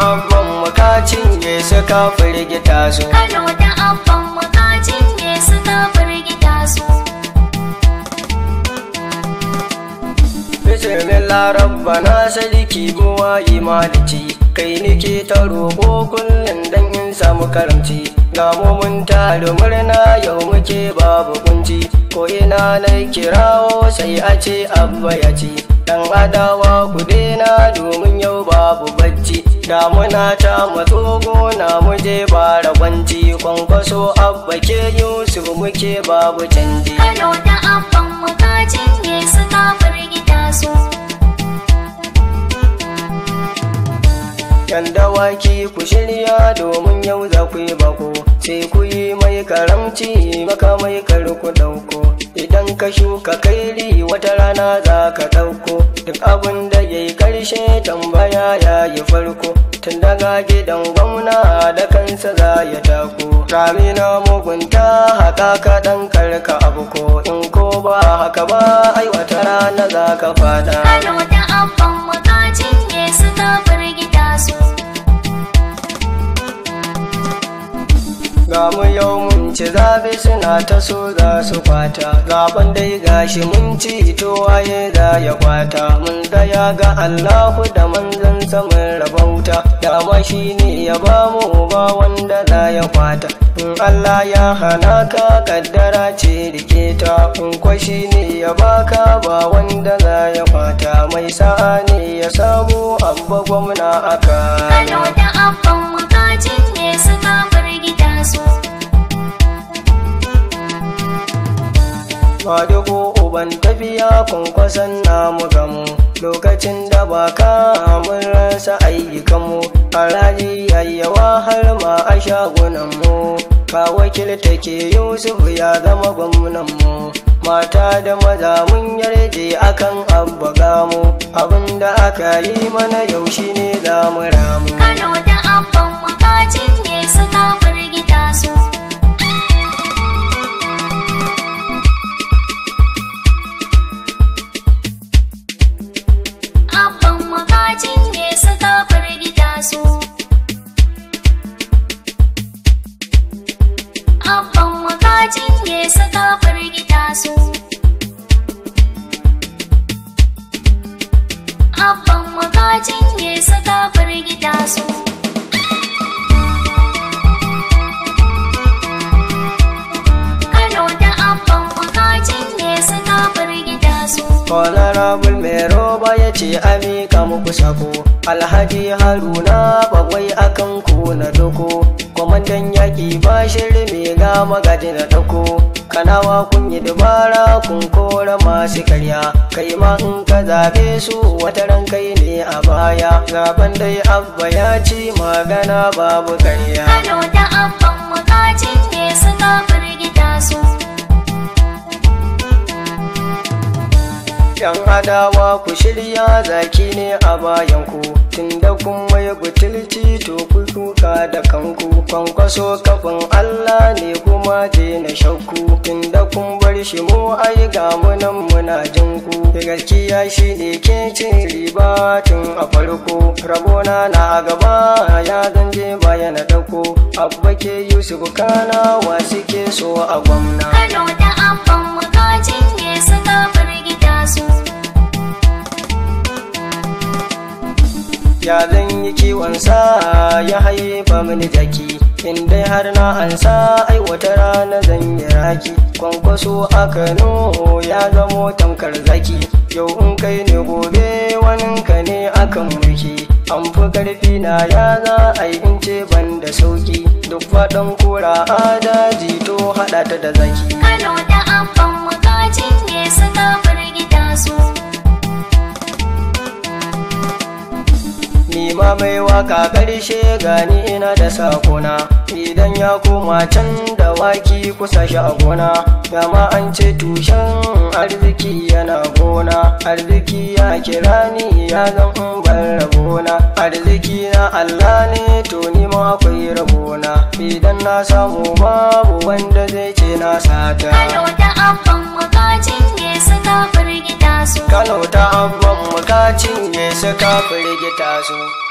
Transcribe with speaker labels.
Speaker 1: abban makacin ne suka firgita su Kano
Speaker 2: da suka firgita su
Speaker 1: Bismillah rabbana sadiki kowa imalici kai nike ta roƙo kullum dan in samu karamci ga mu mun murna yau muke babu kunci ko ina na kirawo sai a ce abba ya ci dan adawa ku dena domin yau babu Da damuna ta matso gona muje bara gwanji kwankwaso abba ke yusuf muke babu canji
Speaker 2: kano da abban mu ka suka firgita su
Speaker 1: yan dawaki ku shirya domin yau za ku yi bako sai ku yi mai karamci maka mai karku dauko idan ka shuka kairi wata rana za ka dauko duk abin karshe tambaya ya yi farko tun daga gidan gwamna da kansa za ya tako rami na mugunta haka ɗan karka abu ko in ko ba haka ba ai na za ka fada ga mu yau mun ci suna ta so za su kwata zaben dai gashi mun ci ito waye za ya kwata mun daya ga Allahu da manzan saman rabauta ma shi ne ya ba mu ba wanda za ya kwata in Allah ya hana ka kaddara ce rike ta in kwashi ne ya baka ba wanda za ya kwata mai sa'a ne ya samu abba gwamna aka. kwankwason namu gamu lokacin da ba ka mun rasa ayyukanmu haraji yayyawa har ma a shagunanmu ka wakilta ke yusuf ya zama mu mata da maza mun yarje akan abba gamu abinda aka yi mana yau shine za mu
Speaker 2: ramu shige suka firgita su abban mu ka cinye suka firgita
Speaker 1: mai roba ya ce amika muku sako alhaji haruna bagwai akan ku na doko kwamandan yaƙi ba shirme ga magaji na doko kanawa kun yi dubara kun kora masu karya kai ma in ka zaɓe su wata ran kai ne a baya zaben dai abba ya ci magana babu karya yan adawa ku shirya zaki ne a bayanku. ku tunda kun mai butulci to ku kuka da kanku kwankwaso kafin Allah ne kuma je na shakku tunda kun bar shi mu ai ga munan muna jin ku gaskiya shi ne ke cin riba tun a farko rabona na gaba ya zanje bayan na abba ke Yusuf kana wa suke so a gwamna Kano
Speaker 2: da abban mu kajin ne suna
Speaker 1: ya zan yi kiwon sa ya haifa mini jaki in dai har na ansa ai wata rana zan yi raki kwankwaso a kano ya zamo tamkar zaki yau in kai ne gobe ka ne akan mulki an fi karfi na ya za a yi in ce ban da sauki duk faɗin kura a daji to haɗa ta da
Speaker 2: zaki
Speaker 1: ma mai waka karshe gani ina da sakona idan ya koma can da waki kusa shagona dama an ce tushen arziki yana gona arziki ya kira ni ya zan bar rabona arziki na Allah ne to ni ma akwai rabona idan na samu babu wanda zai ce na sata Kano
Speaker 2: da abban makacin ne suka firgita su Kano
Speaker 1: abban makacin ne suka firgita su